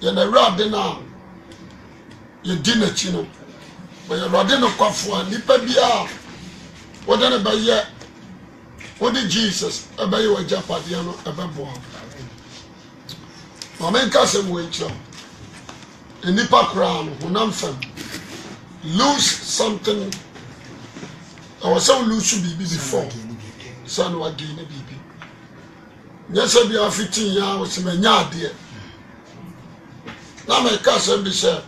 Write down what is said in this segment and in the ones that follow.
yɛn awurade no a yɛdi n'akyi no bɛyɛ awurade no kwafoa nnipa bi a wɔde ne bɛyɛ wode jesus ɛbɛyɛ wagya padeɛ no ɛbɛboa maame nka sɛm wɔ nkyerɛ wo nnipa koraa no honam fam lose something ɛwɔ sɛ wolose biribi before sɛ na wagei ne biribi nyɛ sɛ bia fitiiɛ a wɔsɛ manya adeɛ na meka asɛm bi sɛ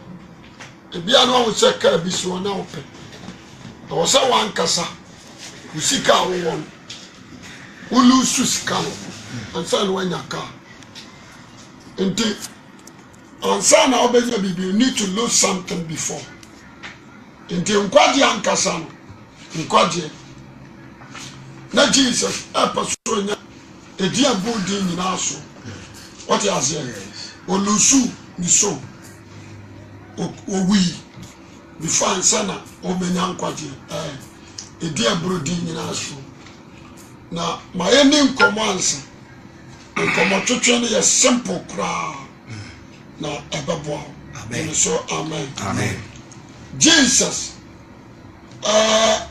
ebia no awo sɛ kaa bi si hɔ na wopɛ ɛwɔ sɛ wankasa wo sika a wowɔ no wolusu sika no ansa na woanya kaa nti ansa na wobɛnya biribi you need to lose something before nti nkwagye ankasa no nkwagye na jesus ɛpɛ so nya ɛdi abu din nyinaa so wɔte aseɛ olusu nso owi before ansa na ɔmanya nkwagye ɛɛ eh, edi aburodi nyinaa so na ma yɛ ne nkɔmɔ ansa nkɔmɔ twetwe no yɛ simple koraa na ɛbɛboa e ɛno so amen jesus ɛɛ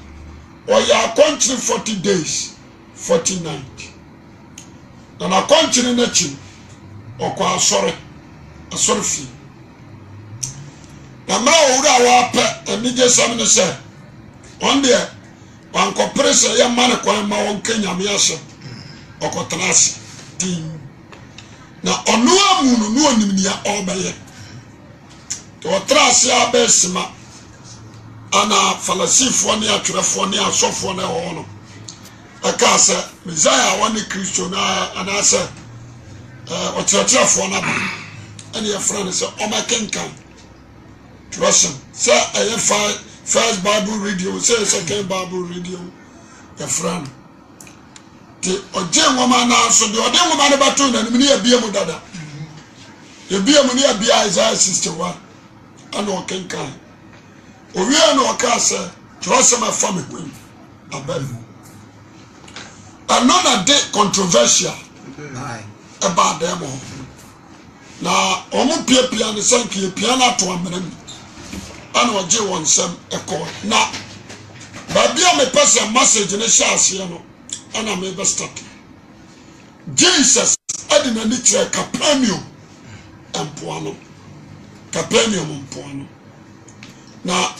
ɔyɛ akɔnkyere 40 days forty night na n'akɔnkyere n'akyi ɔkɔ asɔre asɔre fie na mmaa owura a wɔapɛ anigye sɛm ne sɛ wɔn deɛ wankɔpere sɛ yɛma ne kwan ma wɔnka nyame ahyɛ ɔkɔtena ase din na ɔno amu no ne ɔnim nea ɔrebɛyɛ nti wɔtena ase a sima ana falasifoɔ ne atwerɛfoɔ ne asɔfoɔ ne ɛwɔ no ɛkaa sɛ mesaia wɔne kristo no anaasɛ ɔkyerɛkyerɛfoɔ no ɛna yɛfrɛ no sɛ ɔbɛkenkan twerɛsɛm sɛ ɛyɛ five first bible radio sɛ second bible radio yɛfrɛ no nti ɔgye nwoma naa so deɛ ɔde nwoma no bɛto nanim ne yɛbie mu dada yɛbie mu ne yɛbie isaia sixty one ɛna ɔkenkan owie na ɔkaa sɛ twerɛsɛm ɛfa me hwei abɛn mu ɛno na de controversial ɛbaa dɛm hɔ na wɔn piapia ne sɛ piapia no ato amena mu ɛna ɔgye wɔn nsɛm ɛkɔ na baabi a mepɛ sɛ message ne hyɛ aseɛ no ɛna mebɛ start jesus ɛde n'ani kyerɛ capernaum mpoano capernaum mpoano na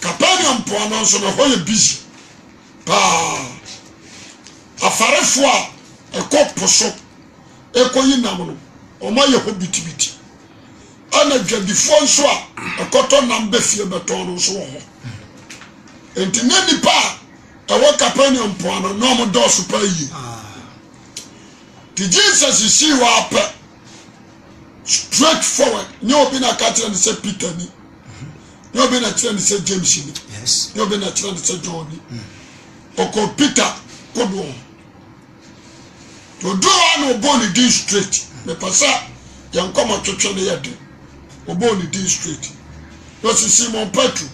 capernaum mpoano nso na hɔ yɛ busy paa afarefoɔ a ɛkɔ po so ɛkɔ nam no wɔn ayɛ hɔ bitibiti ɛna dwadifoɔ nso a ɛkɔtɔ nam bɛ bɛtɔn no nso wɔ hɔ nti ne nipa a ɛwɔ kapernaum mpoano na wɔn dɔɔso pa yie ti jesus sii wɔ apɛ straight forward ní obi na ká kyerɛ ne sɛ peter ni ní obi na kyerɛ ne sɛ james ni ní obi na kyerɛ ne sɛ john ni ɔkɔ peter kodo wɔn odo wa na ɔbɔ ne din straight mepɛ sɛ yɛn kɔma twetwe ne yɛ de wɔbɔɔ ne din straight na sisi mɔ petro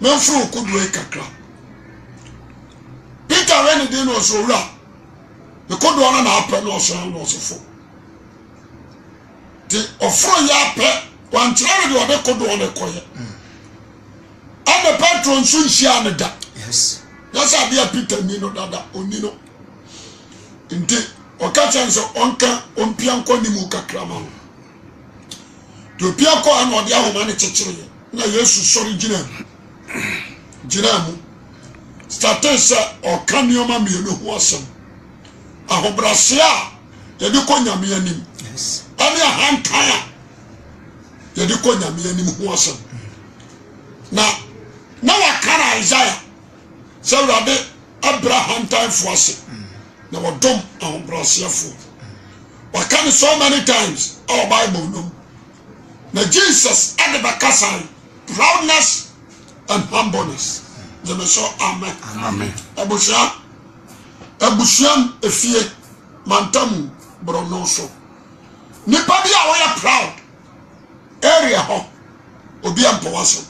mɛmforo kodoɔ yi kakra peter wɛ ne din na ɔsɛ owura ne kodoɔ no na apɛ na ɔsɛ na ɔsɛfo te ɔforo yɛ apɛ wankyerɛ no deɛ ɔde kodoɔ ne kɔyɛ ɛna petro nso nhyia ne da yɛsɛ adeɛ peter ni no dada oni no nti ɔka kyɛn sɛ ɔnka ɔmpia nkɔ ne mu kakra ma no deɛ opia kɔ a na ɔde ahoma ne kyekyereɛ na yesu sɔre gyina mu gyina mu starten sɛ ɔka nneɛma mmienu ho asɛm ahobrɛseɛ a yɛde kɔ nyame anim ɛne ahantan a yɛde kɔ nyame anim ho asɛm na na waka na isaia sɛ awurade abrɛ ahantanfoɔ ase mm na wɔdɔm ahobrɛseɛfoɔ wɔka no so many times ɛwɔ bible nom na jesus ɛde bɛka san proudness and humbleness gyeme sɛ amen abusua abusuam efie mantam borɔno so nipa bi a wɔyɛ proud area hɔ obi a mpɔwa so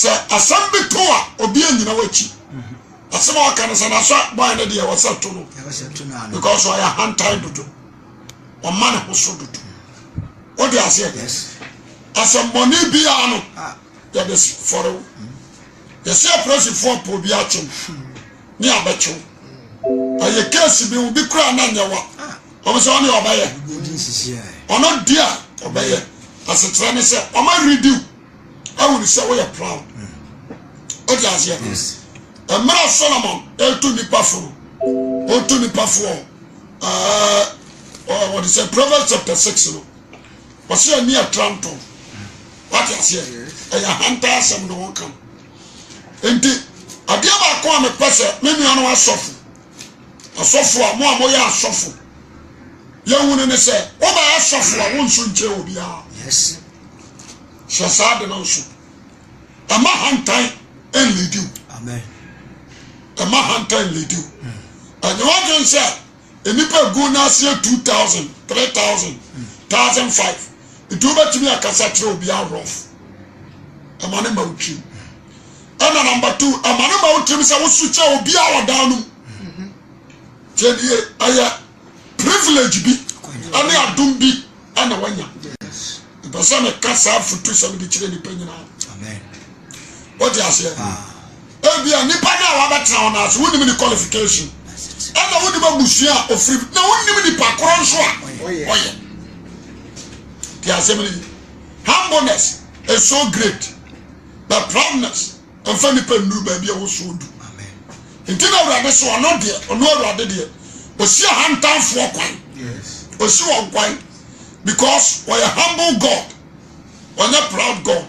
sɛ asɛm bi to a obi a nyina w'akyi asem a ɔka no sɛ naso boy no deɛ wɔsɛ to no because ɔyɛ ahantan dodo ɔma ne ho so dodo wode aseɛ asɛmmɔne biaa no yɛde fɔre wo yɛsɛ apolisifoɔ po bi akyew ne abɛkyew ɛyɛ keesi bi wo bi kura na nyɛ wa ɔmo sɛ ɔne ɔbɛyɛ ɔno di a ɔbɛyɛ asekyerɛ ne sɛ ɔma rediw awo sɛ woyɛ proud hmm. wode aseɛ mmerɛ solomon ɛtu nipa fo ɔtu nipa foɔ wɔde sɛ proverbs chapter six no wɔsɛ ani atranto wate eh, aseɛ ɛyɛ ahanta asɛm ne wɔka nti adeɛ baako a mepɛ sɛ me nua no asɔfo asɔfo a mo a mo moyɛ asɔfo yɛhunu ne sɛ wobɛyɛ asɔfo a wonso obi a. hyɛ saa de no nso ɛma hantan ɛnledi Amen ɛma hantan lady ɛnyɛ wɔdwen sɛ nipa gu n'aseɛ two thousand three thousand thousand five nti wobɛtumi akasa kyerɛ obi arɔf ɛma ne ma wotwi ɛna namba two ɛma ne ma wotwi sɛ wosu kyɛ obi a ɔdan no kyɛ die ɛyɛ privilege bi ɛne adum bi ɛna wanya mpɛ sɛ meka saa foto sɛ mede kyerɛ nipa nyinaa wɔte aseɛ ebi a nipa naa wabɛtena wɔn ase wunim ni qualification ɛna wunim abusua a ofiri na wunim nipa korɔ nso a ɔyɛ ti asɛm yi humbleness is so great but proudness nfa nipa nnuru baabi a wosow du nti na awurade so ɔno deɛ ɔno awurade deɛ osi ahantanfoɔ kwan osi wɔn kwan because wɔyɛ humble god wɔnyɛ proud god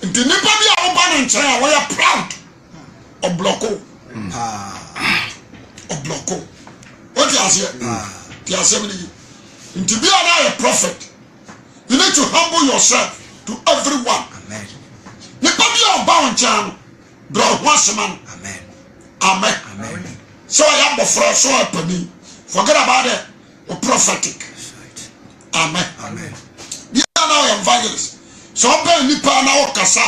nti nipa bi a wɔba ne nkyɛn a wɔyɛ proud ɔblɔko ɔblɔko o ti aseɛ ti aseɛ mi ni yi nti bi a na yɛ prophet you need to humble yourself to everyone nipa bi a ɔba wɔn nkyɛn no bra ɔho asema no amen sɛ ɔyɛ abɔfra so ɔyɛ panin forget about it o prophetic amen bi a na yɛ evangelist sɛ ɔbɛn nipa na ɔkasa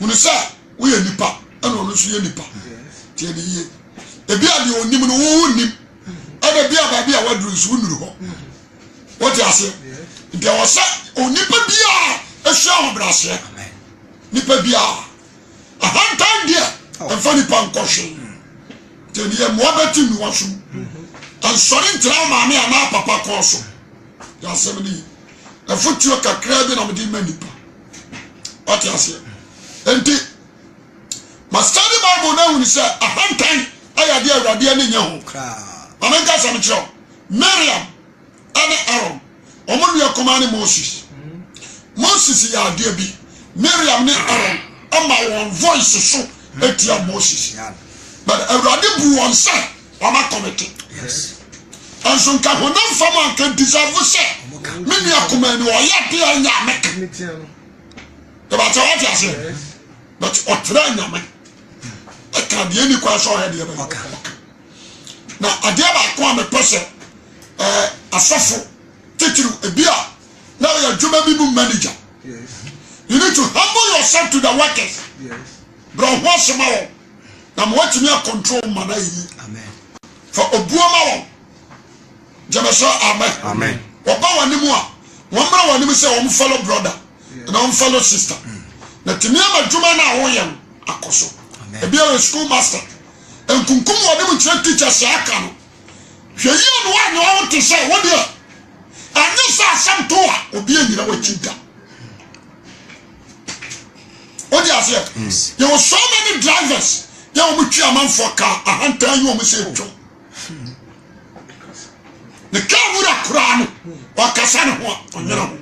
hunu sɛ woyɛ nipa ɛna ɔno nso yɛ nipa tiɛ ne yie ebi a deɛ onim no wɔn nim ɛna bi a baabi a waduru nso nuru hɔ wɔte ase nti ɛwɔ sɛ onipa bi a ehyia ahobrɛaseɛ nipa bi a ahantan deɛ ɛnfa nipa nkɔ hwee tiɛ ne yɛ mmoa bɛti nuwa so nsɔre ntira maame anaa papa kɔɔ so yɛ asɛm ne yi ɛfotuo kakra bi na mo de ma nipa wɔte aseɛ nti ma study bible na ehun sɛ ahantan ayɛ adeɛ awurade ani nyɛ ho maame nka asɛm kyerɛw mariam ɛne aaron wɔn nua kɔmaa ne moses moses yɛ adeɛ bi mariam ne aaron ama wɔn voice so etia moses but awurade bu wɔn nsa wɔn akɔmete nso nka honam fam a nka disafo sɛ me nua kɔmaa ni wɔyɛ adeɛ nyame ka yɛ ba ti wɔte aseɛ but ɔtena nyame ɛka deɛ ni kwan sɔrɔ yɛ deɛ bɛ na adeɛ baako a mepɛ sɛ ɛɛ asɔfo titiri ebi a na yɛ adwuma bi mu manager you need to humble yourself to the workers brɛ ɔho asoma wɔn na mo watumi control, ma na yie fa obuo ma wɔn gyamɛsɛ amen wɔba wɔn anim a wɔn mmerɛ wɔn anim sɛ wɔn follow brother na wɔn follow sister mm. na tumi ama adwuma na ahoyɛ no akɔ so ebi yɛ school master nkunkum wɔ ne mu kyerɛ teacher sɛ aka no hwɛ yie no wa na ɔwɔ te sɛ wɔdeɛ anye sɛ asɛm to a obi anyina wɔakyi da wode aseɛ yɛwɔ so many drivers yɛ wɔn twi amanfoɔ kaa ahantan yi wɔn sɛ twom ne kaa wura koraa no wakasa ne ho a ɔnyere ho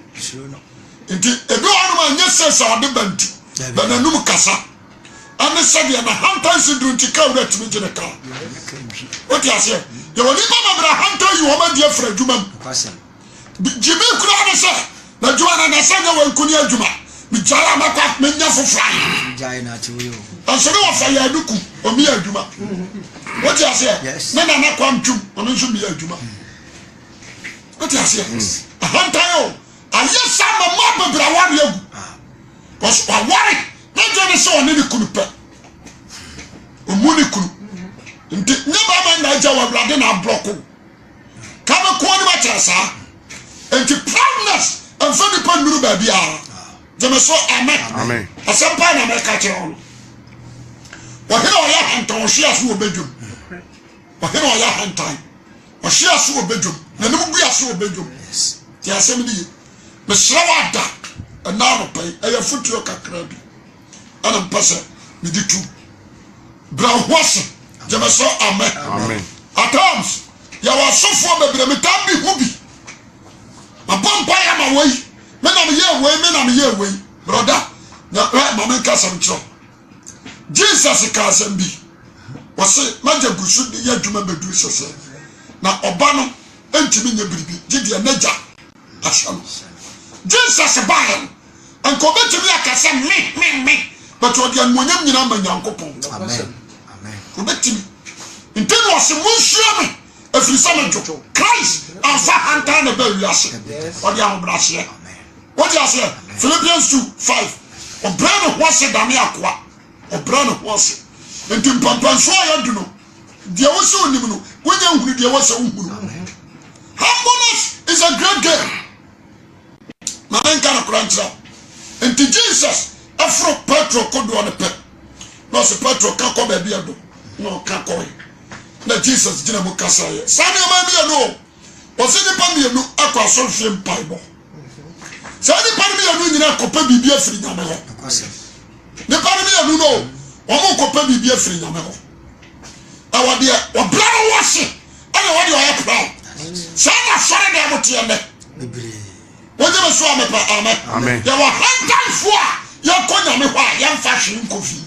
nti ebi wɔ hɔ no ma nye sɛ sɛ ɔde bantu bɛnanum kasa ɛne sɛdeɛ na hantan si duru nti kaa wura tumi gyina kaa o ti aseɛ yɛwɔ nipa bebree hantan yi wɔn adi afra adwuma mu jimmy kura ne sɛ na adwuma na na sɛ na wɔn nkuni adwuma migyaa amakɔ menya foforɔ ɛsɛne wɔfa yɛ aduku ɔmi yɛ adwuma o ti aseɛ ne nana kɔ ntwom ɔno nso mi yɛ adwuma o ti aseɛ ahantan o ayɛ sɛ ama mu abebere awari egu ah. wɔsɔ awari n'agya ne sɛ ɔne ne kunu pɛ ɔmu ne kunu nti nyɛ bɛrima na agya wɔ awurade na aborɔko kama kɔn ne ma kyerɛ saa nti proudness mfa nipa nnuru baabi ara gyeme amen asɛm paa na mɛka kyerɛ ɔno wɔhene ɔyɛ ahantan ɔhwe aso wɔ badwom ɔhene ɔyɛ ahantan ɔhwe aso wɔ badwom n'anim gu aso wɔ badwom te asɛm ne yie mesrɛ wɔ ada ɛnaa no pɛi ɛyɛ fotuo kakra bi ɛna mpɛ sɛ mede tu bra ho ase gyeme sɛ amɛ at times yɛwɔ asofoɔ bebree metam bi ho bi mabɔ mpa yɛ ama wei menam yɛ wei menam yɛ wei broda ma menka asɛm kyerɛ jesus ka asɛm bi wɔse magya gu so yɛ adwuma bɛduru sɛ sɛ na ɔba no ntumi nyɛ biribi gye deɛ n'agya ahyɛ no jesus baeɛ no nka obɛtumi akasa me me me bẹtẹ ọdí ẹnumọnyam nyinaa ma nyankopɔn obetumi nti na ɔsi mu nhyia mi efiri sɛ n'adwo Christ afa hantan na bɛɛ wiase ɔdi ahobrɛaseɛ wɔdi aseɛ Philippians two five ɔbrɛ ne ho ase dame akoa ɔbrɛ ne ho ase nti mpampanso a yɛdu no deɛ wɔsɛ onim no wɔnyɛ nhunu deɛ wɔsɛ nhunu humbleness is a great game maame nka no kora nkyerɛ nti Jesus Afro. pa petro kodoɔ no pɛ na ɔsɛ petro ka kɔ baabi ɛdo na ɔka kɔe na jesus gyina mu kasa yɛ saa nneɛma mmienu o ɔsɛ nipa mmienu akɔ asɔrhwɛ mpaebɔ saa nipa no mmienu nyinaa kɔpɛ biribi afiri nyame hɔ nipa no mmienu no wɔn kɔpɛ biribi afiri nyame hɔ na wɔdeɛ wɔbra no wɔhye ɛna wɔde ɔyɛ pra saa na asɔre deɛ mo teɛ nɛ wɔgye me so amepɛ amɛ yɛwɔ hantanfoɔ a yɛkɔ nyame hɔ a yɛmfa hwee nkɔ fi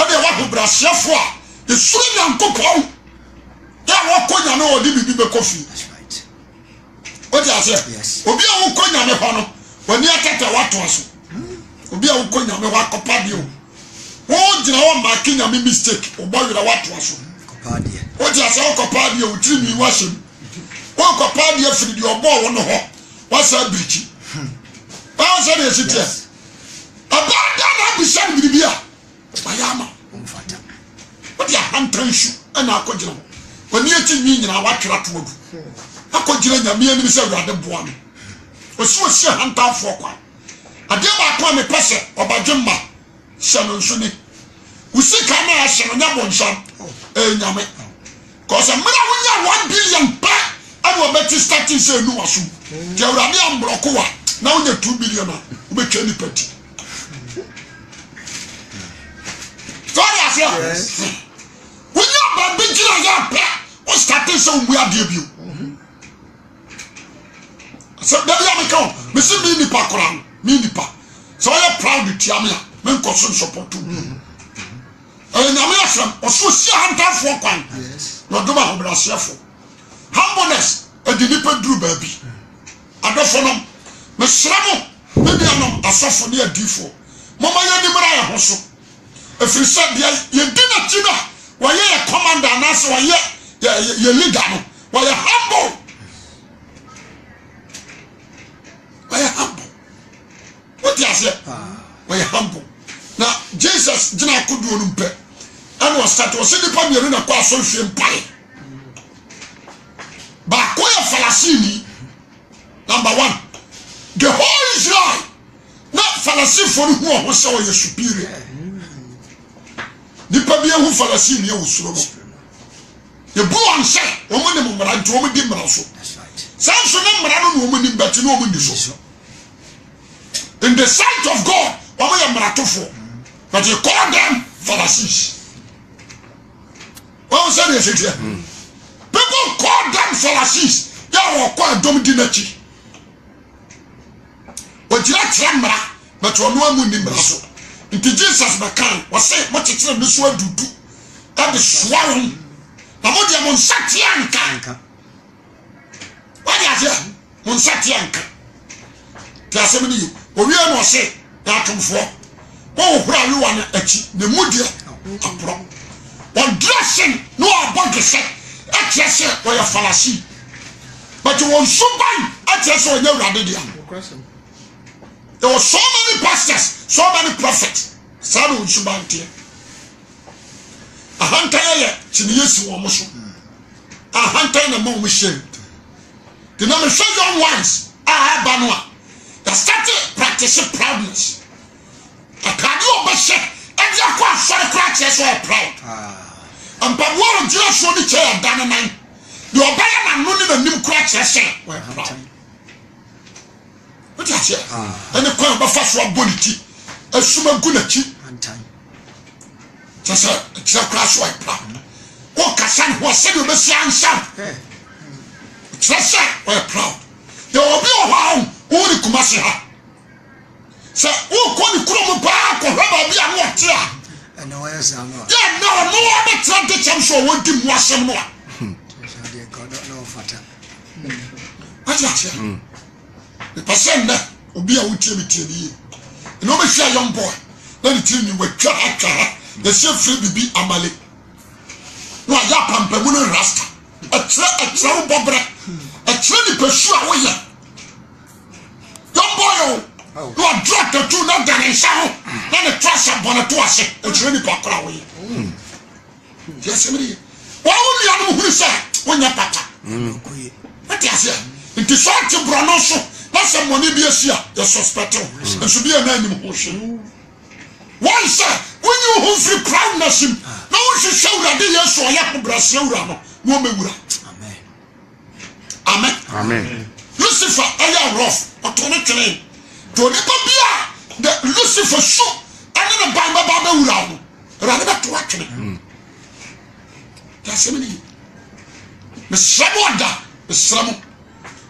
ɔde wɔahobrɛseɛfo a ɛsuro nyankopɔn yɛ wɔkɔ nyame a ɔde biribi bɛkɔ fi wote aseɛ obi a wokɔ nyame hɔ no w'ani atata woatoa so obi a wokɔ nyame hɔ akɔpa bio wogyina hɔ mmaake nyame mistake wobɔ werɛ woatoa so wote aseɛ wokɔpa deɛ wotirimii woahyɛm wokɔpa deɛ firi deɛ ɔbɔɔ wo no hɔ woasa birikyi báwo sọ de esi tiẹ ɔbaa da na abisa no biribi a ɔyɛ ama ɔmfagya wode ahanta nsu ɛna akɔgyina ho wani akyi nwi nyinaa watwerɛ to adu akɔgyina nyame anim sɛ awurade boa me ɔsi ɔsi ahantafoɔ kwa adeɛ baako a mepɛ sɛ ɔbadwe mma hyɛ no nso ni wo sika no a hyɛ no nyɛ bɔnsam ɛyɛ nyame kɔsɛ mmerɛ wonya one billion pɛ ɛna wɔbɛte starting sɛ ɛnu wasom nti awurade amborɔko a na wonya two billion a wobɛtwa nipa ti sɔre aseɛ wonya baabi gyina yɛ pɛ wo sate sɛ wowu adeɛ bio sɛ baabi a meka o mese me nipa kora no me nipa sɛ woyɛ proud tia me eh, a menkɔ so nsɔpɔto nyame ahwɛm ɔso sia hantafoɔ kwan na ɔdom ahobrɛaseɛfo humbleness ɛde eh, nnipa duru baabi adɔfo nom mesrɛ mo me nuanom asɔfo ne adiifoɔ momma yɛdi mmara yɛ ho so efiri sɛ deɛ yɛdi n'akyi no a wɔyɛ yɛ commander anaasɛ wɔyɛ yɛ yɛ leader no wɔyɛ humble wɔyɛ humble wote aseɛ wɔyɛ humble na jesus gyina akodoɔ no mpɛ ɛna ɔsate ɔsɛ nipa mmienu na kɔ asɔnhwɛ mpae baako yɛ falasini number one the whole israel na falasifo no hu ɔho sɛ ɔyɛ superior nipa bi ehu farasi ni ewu soro mu ebu wɔn wɔn ne mu mmara nti wɔn di mmara so saa nso ne mmara no na wɔn ni bɛti na wɔn di so in the sight of God wɔn yɛ mmaratofoɔ but he call them Pharisees wɔn sɛ de ɛsɛ tia people call them Pharisees yɛ wɔ kɔ ɛdɔm di n'akyi wɔgyina kyerɛ mmara but wɔn mu ni mmara so nti jesus bɛkan wɔsɛ motetere ne so adudu ɛde soarom na modeɛ mo nsa teɛ nka wode aseɛ mo nsa teɛ nka nti asɛm no yi owie na ɔse na atomfoɔ wɔhohora awewa no akyi ne mu deɛ aporɔ wɔdrɛsen na wɔabɔ de sɛ ɛkyerɛ sɛ wɔyɛ falasii but wɔn so ban ɛkyerɛ sɛ wɔnyɛ awurade deɛ yɛwɔ so many pastors sɛ ɔba ne prophet saa na ɔnsu banteɛ ahantan yɛ kyiniyɛ si wɔn so ahantan na ma wɔn hyɛn de na mehwɛ young ones a aba no a yɛsate practice proudness ataade a ɔbɛhyɛ ɛde akɔ asɔre koraa kyerɛ sɛ ɔyɛ proud ah. mpaboa a ɔgyina soɔ de kyerɛ ɛda no nan deɛ ɔbɛyɛ n'ano ne n'anim koraa kyerɛ sɛ ɔyɛ proud wote aseɛ ah. ɛne kwan a ɔbɛfa so abɔ ne ti esuma gu n'akyi kyɛ sɛ kyerɛ kora so ɛpra wo kasa ne hɔ sɛdeɛ obɛsi ansam kyerɛ sɛ ɔyɛ proud yɛ obi wɔ hɔ a wo ne kuma se ha sɛ wokɔ ne kurom paa kɔhwɛ baabi a ne ɔte a yɛ na ɔno ɔbɛtera de kyɛm sɛ ɔwɔ di mu asɛm no a agye aseɛ mepɛ sɛ nnɛ obi a wotie me tie ne yie na ɔbɛ hyia yɔn bɔ na ne tiri ni wɔ atwa ha atwa ha yɛhyɛ firi bibi amale na wayɛ apampamu ne rasta ɛkyerɛ ɛkyerɛ wo bɔbrɛ ɛkyerɛ nipa su a woyɛ yɔn bɔ yɛ o na wadura tatu na da ne nsa ho na ne to ahyɛ bɔ ne to ahyɛ ɛkyerɛ nipa kora woyɛ yɛ sɛ mi yɛ wɔn awo nua no mu huru sɛ wonyɛ pata. wate aseɛ nti sɛ ɔte borɔ no so na sɛ mmɔne bi asi a yɛ suspɛte wo nso bi ɛna anim ho hwe wɔn sɛ wonyi wo ho mfiri crown na sim na wohyehyɛ awurade yesu ɔyɛ kobrɛseɛ wura no na ɔmɛwura amen lucifer ɛyɛ rof ɔto ne twene nti onipa bi a de lucifer so ɛne ne ban bɛba bɛwura no awurade bɛto atwene yɛasɛm ne yi mesrɛ mo ɔda mesrɛ mo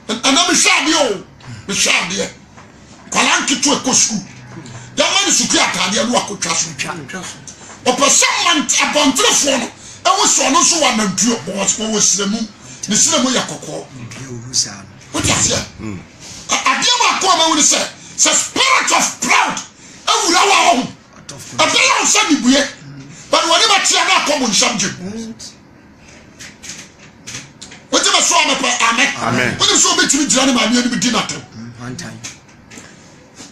ɛna mehwɛ adeɛ o mehwɛ adeɛ kwala nketewa kɔ sukuu yɛma ne sukuu ataadeɛ no wakɔtwa so ɔpɛ sɛ abɔnterefoɔ no ɛwo sɛ ɔno nso wɔ anantuo wɔwɔ siramu ne siramu yɛ kɔkɔɔ wode aseɛ mm. adeɛ baako a mawu ne sɛ sɛ spirit of proud awura wɔ hɔ ho ɛbɛyɛ wo sɛ nebue mm. but wɔne bɛteɛ no akɔ mo nhyɛm gyem wogye bɛ so a mɛpɛ amɛ wode sɛ wobɛtumi gyina ne maameɛ no medi natam Time.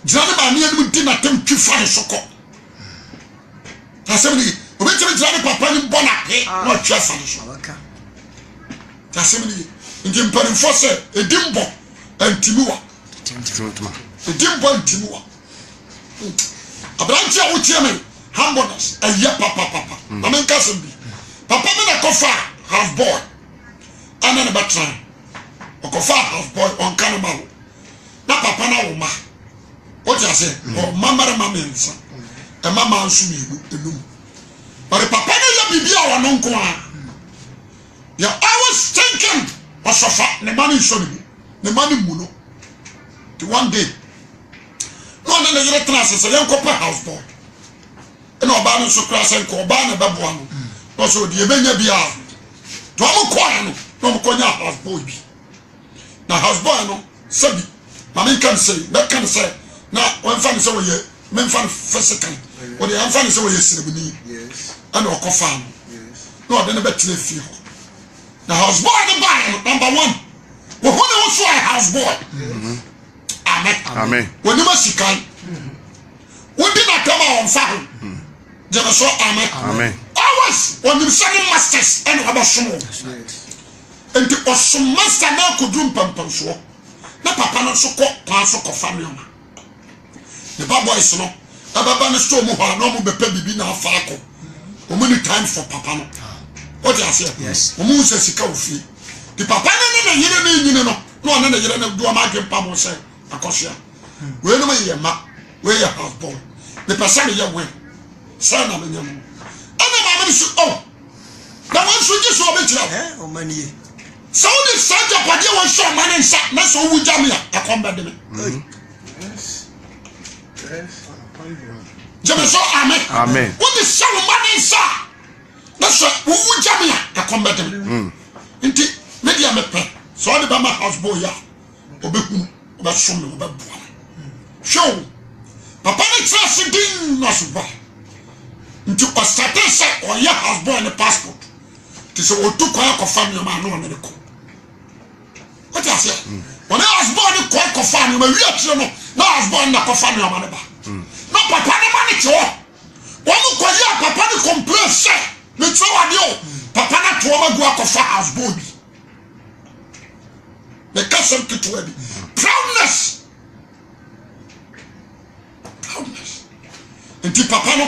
gyina ne maame anim di n'atam twi fa ne so kɔ asɛm ni obetumi gyina ne papa ni bɔ pe. na ɔtwi afa ne so asɛm ni nti mpanimfoɔ sɛ edi mbɔ ntumi wa edi mbɔ ntumi wa aberante a wotia mi humbleness ɛyɛ eh, papapapa hmm. maame nka sɛm bi papa mi na kɔfa half boy ɛna ne bɛ tena ɔkɔfa half boy ɔnka ne ma wo na papa na wo ma wote ase ɔma mmarima mmiɛnsa oh, ɛma maa nso mmienu enum ɔde papa no yɛ biribi a wɔn nko a yɛ always thinking ɔsɔfa ne ma no nsɔ ne mu ne ma no mu no ti one day na ɔne ne yere tena ase sɛ yɛnkɔ pɛ house board ɛna ɔbaa no nso kura sɛ nkɔ ɔbaa na ɛbɛboa no mm. na ɔsɛ ɔde ebɛnya bi a te wɔn kɔɛ no na wɔn kɔ nya house board bi na house board no sɛbi maame nka ne sɛ bɛka ne sɛ na wɔmfa ne sɛ wɔyɛ memfa ne fɛsikan wɔde ɛmfa ne sɛ wɔyɛ siremuni ɛna ɔkɔ faa no na ɔde ne bɛtena fie hɔ na house boy ne baeɛ no number one wɔho ne wo so ayɛ house boy amen wɔnim asikan mm-hmm. wodi natam a ɔmfa ho mm-hmm. gyeme so amen always wɔnim sɛ ne masters ɛne wɔbɛsom wo enti ɔsom master na akɔduru mpampamsoɔ na papa no nso kɔ paa so kɔfa nneɛma ne ba boys no ɛbɛba ne store mu hɔ a na ɔmo bɛpɛ bibi na afa akɔ ɔmo ni time for papa no ɔte aseɛ ɔmo nsa sika ofie di papa no ne ne yere ne nyini no na ɔne ne yere ne do ɔmo adwe mpa mo sɛ akɔsoa wei no yɛ ma wei yɛ house boy nipa sɛ ne yɛ wei sɛ na me nyɛ mo ɛna maame ne so ɔ oh, na wɔn nso gye so ɔbɛkyerɛ ɔmo ani yɛ sɛ wode saa agyapadeɛ wɔnhyɛ ɔma ne nsa na sɛ wowu gya me a ɛkɔm bɛde me gyeme so amen wode hyɛ wo ma ne nsa a na sɛ wowu gya me a ɛkɔm bɛde me nti me deɛ mepɛ sɛ wode bɛma houseboy a ɔbɛhu wobɛsom me wobɛboa me hwɛ wo papa ne kyerɛ ase din na so ba nti ɔsate sɛ ɔyɛ houseboy ne passport nti sɛ wɔtu kwan akɔfa nneɔma ano ɔne ne kɔ o ti ase wọn náà asubọọ ni kọ ẹkọfa ni ọmọ ewia tiri no náà asubọọ ni akọfa ni ọmọ ni ba na papa ni ma ni ti wọ wọn kọ yi a papa ni complain sẹ ne tí wọn adi o papa na tó ọmọ gu akọfa asubọọ bi ne kásán ketewa bi proudness proudness nti papa no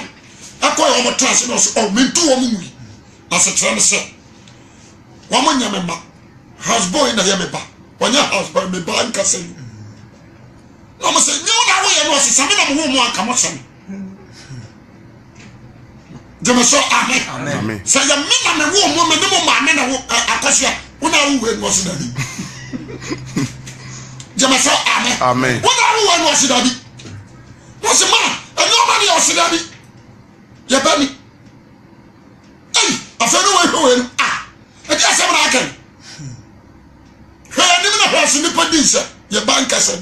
akọ yẹ ọmọ tẹnase náà sọ ọ mi ntu wọn mu yi asetere ni sẹ wọn nyẹ mi ma hasbọọ yi na yẹ mi ba wɔnyɛ husband mi ba nkasa yi na ɔmo sɛ nyɛ ɔna awoyɛ no ɔsesa mi na mo ho mu aka mo sɛm jɛmɛ sɔ amen sɛ yɛ mi na mi wo mu mi ne mo maame na wo akɔsi a wɔn a wowɛ no ɔsi dabi jɛmɛ sɔ amen wɔn a wowɛ no ɔsi dabi wɔn si ma ɛnyɛ ɔma ni ɔsi dabi yɛ bɛ mi ɛyi afɛn ni wɔn ehwɛ wɔn mean sɛ yɛ ba nkasa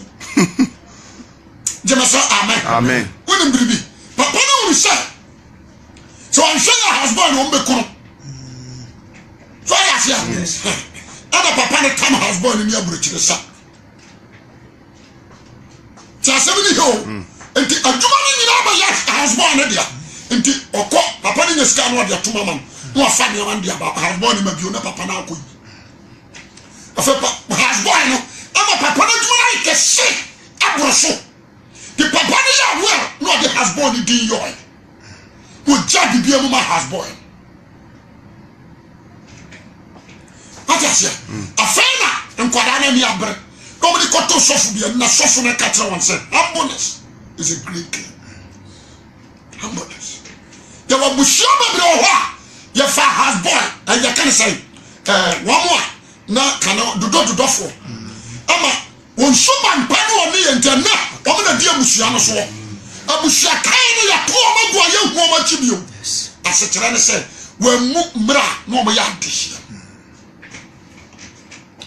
bi gyeme sɛ amen wonim biribi papa no wuru sɛ sɛ ɔnhwɛ yɛ husband na ɔmbɛkuru so ayɛ aseɛ ɛna papa no tam husband ne aburokyire sa nti asɛm ne hɛ o mm. nti adwuma no nyinaa bɛyɛ husband no dea nti ɔkɔ papa no nya sika no ɔde atoma ma no na wafa nneɛma no de aba husband no ma bio na papa no akɔ yi afei husband no ama papa no adwuma ayɛ kɛse aboro so de papa no yɛ awo a na ɔde hasbɔn no din yɔɛ wogya bibia mu ma hasbɔn wate aseɛ hmm. afei na nkwadaa no ani abere na ɔmde kɔto sɔfo bia na sɔfo no ka kyerɛ wɔn sɛ humbleness is a great thing humbleness yɛwɔ abusua bebree wɔ hɔ a yɛfa hasbɔn ɛyɛka ne sɛ eh, wɔn a na kana dodɔ dodɔfoɔ ama nsu mampa no wɔ ne yɛ ntɛm na wɔn na di abusua no soɔ abusua kan no yɛto wɔn agu a yɛhu wɔn akyi bio asekyerɛ ne sɛ wɔamu mmerɛ a na wɔn yɛ adehyia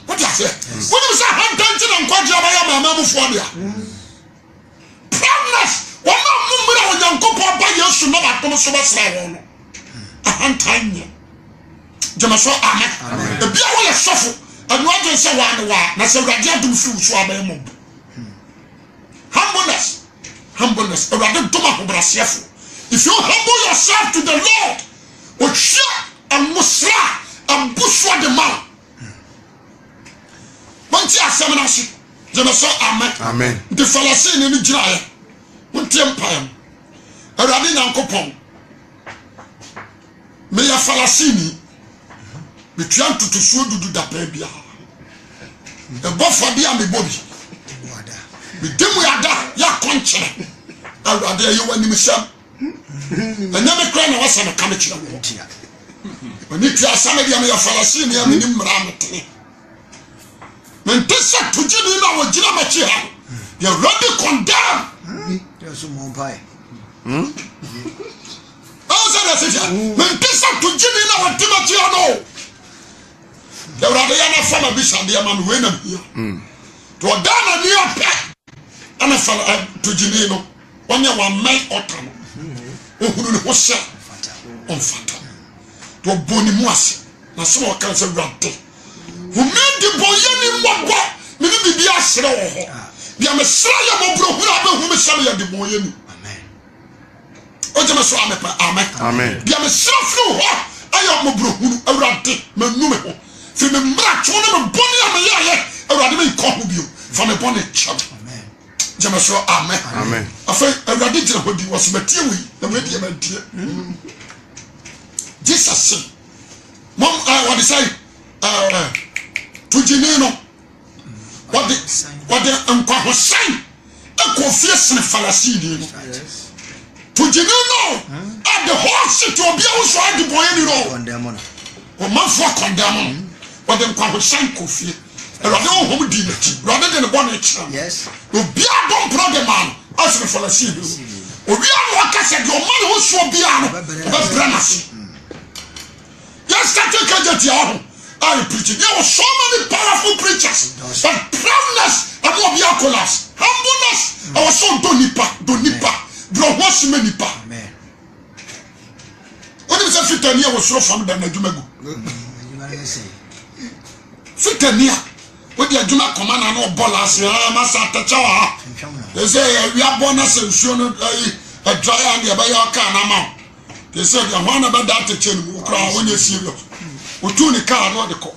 wote aseɛ wonim sɛ ahantanti na nkwagye abɛyɛ maama mufoɔ dea proudness wɔn a mu mmerɛ a onyankopɔn ba yesu na batom so bɛsra wɔn no ahantan nyɛ gyama amen ebi a wɔyɛ sɔfo ɛnu ɔdun sɛ waa ni waa na sɛ awurade adum fi wusu abɛn mu humbleness humbleness awurade dum ahobrasiɛfo if you humble yourself to the lord ohwɛ ɛmusra ɛbusua de ma wɔn ti asɛm na se jɛnɛ sɛ amen nti falasi ni ni gyina yɛ wɔn ti mpa yɛ awurade nyanko pɔn meyɛ falasi ni metua ntotosuo dudu dapaa biara ɛbɔ fɔde a mebɔ bi mede mu yɛada yɛ akɔnkyerɛ awurade ɛyɛ w'anim sɛm ɛnyɛ me kora na wasɛ meka me kyerɛ wɔ ɔne tua asɛm deɛ meyɛ farisini a menim mmara metene mente sɛ togyini no a wɔgyina makyi ha yɛwurade condam ɛwɔ sɛ deɛ sɛfia mente sɛ togyini no a wɔte makyi ha no awurade mm. yɛ na fa na bi sadeɛ ma no wei nam hia nti ɔda na ni ɔpɛ ɛna fa togyini no wɔnyɛ wɔamɛn ɔta no ohunu ne ho hyɛ ɔmfata nti ɔbɔ ne mu ase na sɛ ma ɔka sɛ awurade home de bɔ yɛ ne mmɔbɔ me ne biribi aserɛ wɔ hɔ deɛ mesrɛ yɛ mɔborɔ hunu abɛhu me sɛ meyɛ de bɔ yɛ ni ogyeme so amepɛ amɛ deɛ mesrɛ firi hɔ upon the church jẹmẹ sọ amen afẹ ẹwurade gyina hɔ di wɔsɔ bɛtie wei ɛwurade yɛ bɛtie jesus se mɔm a wɔde sɛ ɛɛ tugyini no hmm. wɔde wɔde nkwahosan ɛkɔ fie sene falasidie no tugyini no hmm. a de hɔ ase to obi ahosuo adi bɔn yɛ ni no ɔmanfoɔ kɔndɛm no hmm. wɔde nkwahosan kɔ fie awurade honhom di n'akyi awurade de ne bɔ ne kyerɛ obiara bɔ mpona de ma no asere falasie bi owia na wakasa deɛ ɔma ne ho soɔ biara no ɔbɛbrɛ n'ase yɛsɛ te kagya tia hɔ a yɛ preaching there were so many powerful preachers but proudness ɛmu ɔbi akolas humbleness ɛwɔ mm. so do nipa do nipa brɔho asome nipa onim sɛ fitani a wɔ soro fam da n'adwuma gu fitani a wodi adwuma kɔma na no ɔbɔ laase aa ah, masa atɛkyɛ wɔ ha ɛsɛ awia bɔ na sɛ nsuo no ayi eh, ɛdwae eh, a deɛ ɛbɛyɛ ɔkaa na ma wo te sɛ deɛ hɔ na bɛda atɛkyɛ no mu wokora wonyɛ serious wotu ne kaa na ɔde kɔ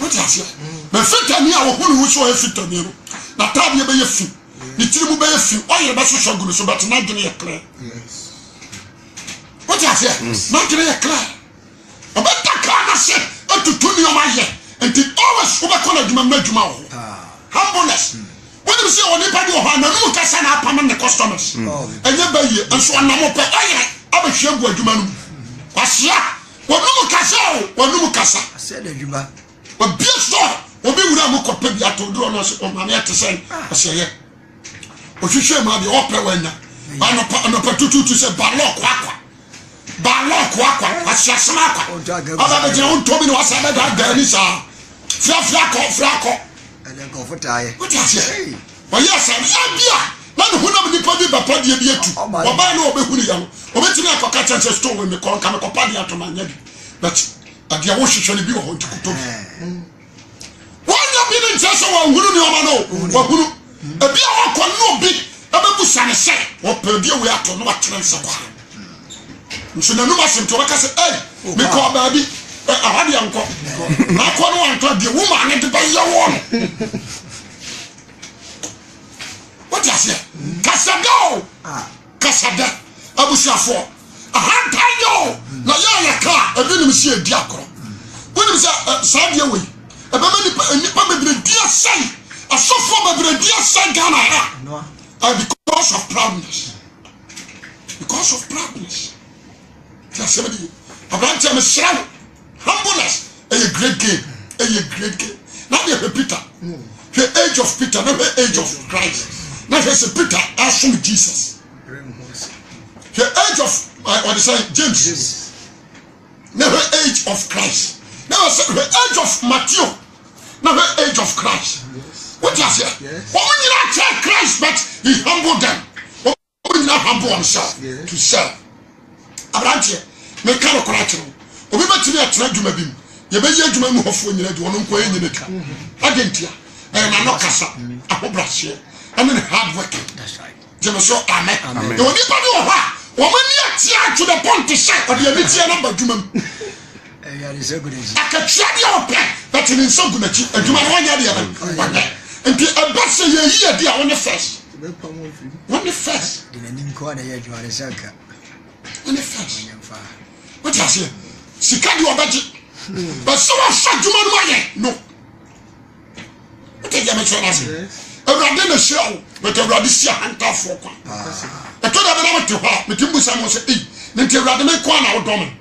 wote aseɛ ma fitani a wɔho ne wo sɛ ɔyɛ fitani no n'ataadeɛ bɛyɛ fi ne tiri mu bɛyɛ fi ɔyɛ bɛsoso agu ne so bɛtena adwene yɛ kra wote aseɛ n'adwene yɛ kra ɔbɛta kaa na sɛ atutu nneɔma yɛ nti always wobɛkɔ no adwuma mma adwuma wo ah. humbleness hmm. wonim sɛ wɔ nipa de wɔ hɔ ananum kasa na apam ne customers hmm. oh. ɛnyɛ ba yie nso ɔnam pɛ ɔyere abɛhwia gu adwuma no mu hmm. wahyia wɔnum kasa o wɔnum kasa obi sɔ obi wura mu kɔpɛ bi ato duro no ɔsɛ ɔmaame ɛte sɛ ah. ɔsɛ yɛ ohwehwɛ mu adeɛ ɔpɛ wanya anɔpa anɔpa tututu sɛ balɔɔ kwakwa balɔɔ kwakwa eh. ahyɛsɛm akwa ɔba bɛgyina wo ntɔ bi na wasɛ bɛda adaa ni saa fiafia kɔ fia kɔ ɛnɛ nkɔfo taa yɛ wote aseɛ ɔyɛ asɛm abia na ne honam nipa bi bɛpa deɛ bi atu ɔbaa ne ɔbɛhu ne ya no ɔbɛtumi akɔka kyɛn sɛ store wɔ hmm. mi kɔ nka mekɔpa deɛ atoma nyɛ bi but adeɛ wohwehwɛ no bi wɔ hɔ nti kotɔ bi wɔnyɛ bi ne nkyɛ sɛ wɔahunu ne ɔma no wɔahunu ebi a wɔkɔ ne obi ɛbɛbu sane sɛ wɔpɛ bi awie ato no watena nsɛ kwa nso n'anum asɛm nti ɔbɛka sɛ ɛi mekɔ baabi awa deɛ nkɔ n'akɔ no wantɔ deɛ wo maa ne de bɛ yɛ wɔ no wote aseɛ kasada o kasada abusuafoɔ ahantan yɛ o na yɛ ayɛ ka a ebi nim si edi akɔrɔ wonim sɛ saa deɛ wei ɛbɛma nipa nipa bebree di asɛn asɔfoɔ bebree di asɛn ghana ha because of proudness because of proudness ti asɛm de yi aberanteɛ mi srɛ no humbleness ɛyɛ great game ɛyɛ great game na deɛ hwɛ peter hwɛ hmm. age of peter na hwɛ age of christ na hwɛ sɛ peter asom jesus hwɛ age of ɔde uh, sɛ james na hwɛ age of christ na hwɛ sɛ hwɛ age of matthew na hwɛ age of christ wotu aseɛ wɔn nyinaa kyerɛ christ but he humble them wɔn nyinaa humble himself to serve aberanteɛ mɛ kaa no koraa kyerɛ obi bɛtumi atena adwuma bi mu yɛbɛyɛ adwuma mu hɔfoɔ nyina di ɔno nkɔ yɛ nyina di ade ntia ɛyɛ n'ano kasa ahobrɛhyɛ ɛne ne hard work gyeme so amɛ ɛwɔ nipa bi wɔ hɔ a wɔn ani atia atwi dɛ pɔnte hyɛ ɔde ani tia na ba adwuma mu eh, akatua deɛ ɔpɛ bɛte ne nsa gu n'akyi adwuma no wɔnyɛ deɛ bɛ mm. wɔnyɛ nti ɛbɛ sɛ yɛyi adi a wɔne fɛs wɔne fɛs wɔne fɛs wɔte aseɛ sika di ɔbɛgye bɛsɛ wafa adwuma no ayɛ no wote deɛ mekyerɛ no ase awurade na hyia wo bɛt awurade si ahantafoɔ kwa ɛtɔ da bɛna mete hɔ a mete mbu sa mo sɛ ei ne nti awurade mekɔ a na wodɔ me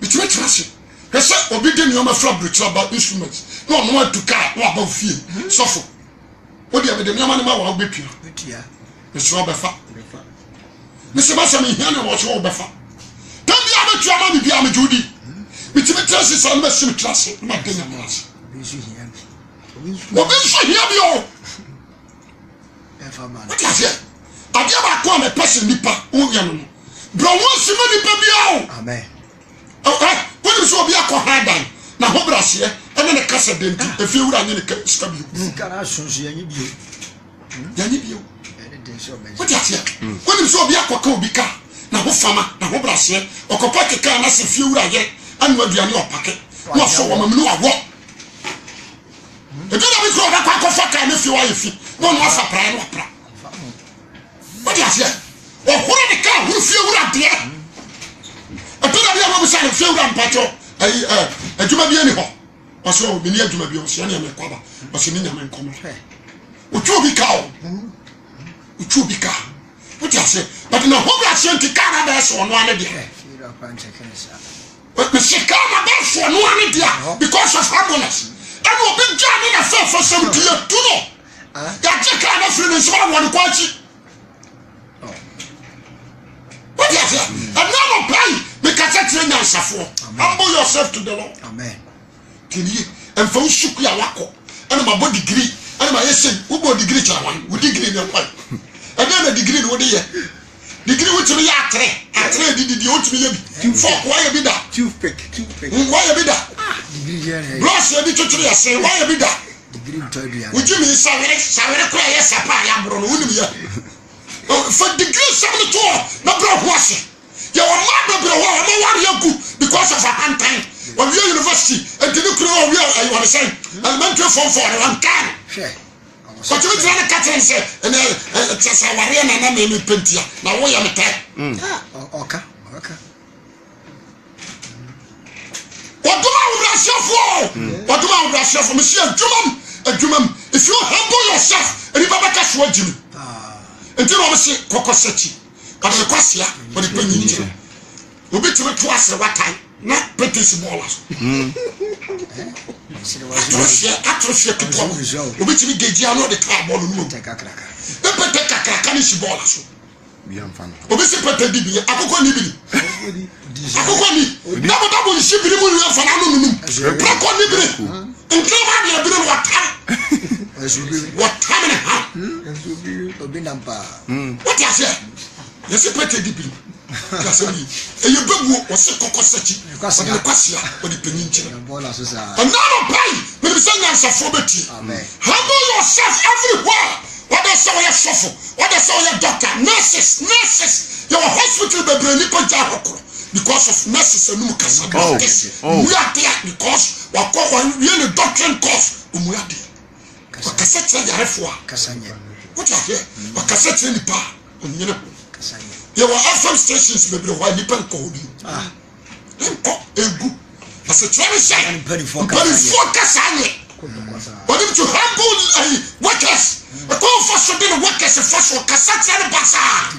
metumi tena ase hwɛ sɛ obi de nneɔma fra burokyerɛ ba instrument na ɔno atu kaa na waba fie sɔfo wodeɛ mede nneɔma no ma wa wobɛtua mesrɛ wobɛfa mesɛ bɛsɛ mehia ne wɔkyerɛ wobɛfa metua ma bibia megye wodi metumi tera se saa ne bɛsi me tera se ne mada nyame ase obi nso hia bi o wote aseɛ adeɛ baako a mɛpɛ sɛ nnipa woyɛ no no brɛ wo asi ma nnipa bia o wonim sɛ obi akɔ ha dan na ho braseɛ ɛne ne kasa da nti ɛfie wura nye ne sika bio yɛnye bio wote aseɛ wonim sɛ obi akɔka obi ka na ho fama na ho braseɛ ɔkɔpa keka na se fie wura yɛ anu aduane ɔpake na ɔfɔ wɔn mu ne wawɔ ebi na bi kura ɔbɛkɔ akɔfa kaa ne fie wayɛ fi na ɔno afa pra no ɔpra wɔde aseɛ ɔhoro ne kaa horo fie wura deɛ ebi na bi a wɔbisa ne fie wura mpakyɛw ayi ɛ eh, adwuma bi ɛni hɔ ɔsɛ ɔmi oh, ni adwuma bi ɔsɛ ɛni ɛmi kɔba ɔsɛ ni nyame nkɔmɔ otu obi kaa o otu obi kaa wote ase but na ho braseɛ nti kar na bɛɛsɛ ɔnoa ne deɛ mese eh, kar na bɛɛsɛ ɔnoa ne deɛ because of humbleness ɛne obi gya ne na fɛfɛ sɛm nti yɛtu no ah. yɛgye kar na firi ne nsɛm awɔ ne kɔ akyi oh. wote ase hmm. ɛna nɔpai mekasa kyerɛ nyansafoɔ humble yourself to the lord kɛnie ɛmfa wo sukuu a wakɔ ɛne mabɔ digrii ɛne mayɛ sɛi wobɔ digrii kyerɛ wan wo digrii ne nkwae ɛnna na digiri ni wode yɛ digiri wotumi yɛ atere atere yɛ didi wotumi yɛ bi fɔk wayɛ bi da mm, wayɛ bi da ah, blɔs yɛ bi tuntun yɛ se wayɛ bi da wotumi sawere sawere kura yɛ sapa yɛ aburo oh, no wunim yɛ fa digiri sɛbɛn to hɔ na bɛrɛ ho ase yɛ wɔn mmaa bɛbɛrɛ hɔ wɔn wari yɛ gu because of ahantan wɔn yɛ university ɛdini kuro wɔn yɛ ɛyɔnisɛn elementary form four wɔn kan a ɔkyerɛkyerɛ no ka kyerɛ sɛ kyɛ sɛ awareɛ na na mɛmi pentia na woyɛ metɛ mm. ah, ɔka ɔka ɔdom awobrɛhyɛfoɔ mm. ɔdom awobrɛhyɛfoɔ mesi adwuma m adwuma m if you humble yourself nipa bɛka so agyi mu ah. nti na ɔmese kɔkɔ sɛkyi ɔde kwasea mm. ɔde pɛ nyinkyerɛ obi tumi to ase watae na pɛtesi bɔɔla so ɔhyɛ atoro hyɛ ketewa mu obitumi geji ano de kaa bɔɔlu numu pɛpɛtɛ kakraka ne si bɔɔlu so obisi pɛtɛ di bi akokɔ ni biri akokɔ ni dabo dabo nsi biri mu yɛ fana anu nunu pɛkɔ ni biri nkiraba deɛ biri wɔ tam wɔ tam ne ha wɔte aseɛ yɛsi pɛtɛ di biri yasɛm yi ɛyɛ bɛbuo wɔsɛ kɔkɔ sɛkyi ɔde ne kwasia ɔde panyin kyerɛ ɛna no pai menim sɛ nyansafoɔ bɛtie humble yourself everywhere wɔdɛ sɛ wɔyɛ sɔfo wɔdɛ sɛ wɔyɛ doctor nurses nurses yɛwɔ hospital bebree nipa gya ahɔkorɔ because of nurses anum kasa doctors oh. oh. mmuadeɛ because wakɔ wɔyɛ ne doctrine course ɔmuadeɛ ɔkasa kyerɛ yarefoɔ a wotadeɛ ɔkasa kyerɛ nipa a ɔnyene ho yɛwɔ fm stations bebree hɔ a nipa nkɔ bi ah. nkɔ egu asekyerɛ ne hyɛ mpanyinfoɔ kasa nyɛ wɔde bi to humble ayi eh, workers ɛkɔn hmm. fa so de ne workers fa so kasa kyerɛ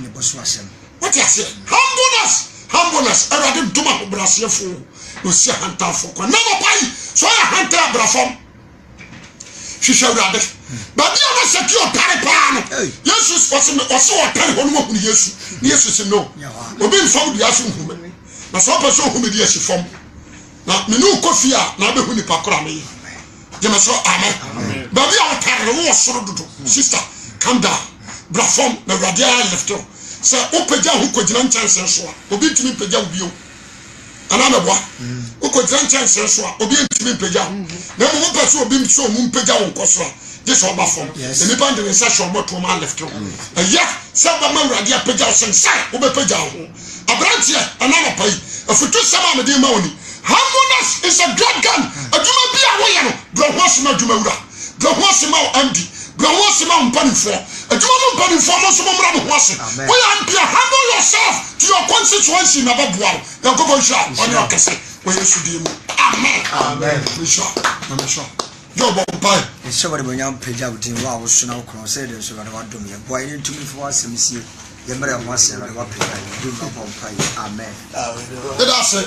ne basaa wɔte aseɛ humbleness humbleness ɛwɔde dum ahobrɛaseɛfo osi ahantanfo kɔ nanɔpa yi so ɔyɛ ahantan abrafam hwehwɛ awurade baabi a wɔsɛ kí ɔtare paa no yesu ɔsɛ ɔtare hɔ no wɔhunu yesu ne yesu si no obi nfa wo dua so nhume na sɛ ɔpɛ sɛ ɔhume di asi fam na mene wokɔ fie a na abɛhu nipa kora meyɛ gyeme sɛ amɛ baabi a ɔtare no wowɔ soro dodo sister come down bra fam na awurade ara lefte wo sɛ wopagya ho kɔgyina nkyɛnsee so a obi ntumi mpagya wo bio anaa mɛboa wokɔgyina nkyɛnsee so a obi ntumi mpagya wo na mmom wopɛ sɛ obi sɛ ɔmu mpagya wo nkɔ so a yesu ọba fam na nipa de nsa hyɛ ɔbɔ tó ɔmo alɛfto ɛyɛ sɛ ɔbɛma awurade apagya ɔsɛ nsa ɔbɛpagya ɔho aberanteɛ ɛnana pa yi afutu sɛm a mɛde ma wɔni harmonious is a god gun adwuma bi a wɔyɛ no brɔho asoma adwuma wura brɔho asoma andi brɔho asoma mpanimfoɔ adwuma no mpanimfoɔ mo nso mo mmra mo ho ase wɔyɛ ampia handle yourself to your constituency na bɛ boa no yankɔbɔ nhyira ɔne ɔkɛse wɔyɛ sudie mu amen amen nhyira na nhyira job ɔmpae ɛhyɛ wɔde bɔnyam pagya woden wɔ a woso na wokorɔ sɛ yɛde nso wade wadom yɛ boa yɛne ntumi fa wasɛm sie yɛmmerɛ ho asɛ wade wapagya yɛdom na bɔ mpae amen ɛda ah, sɛ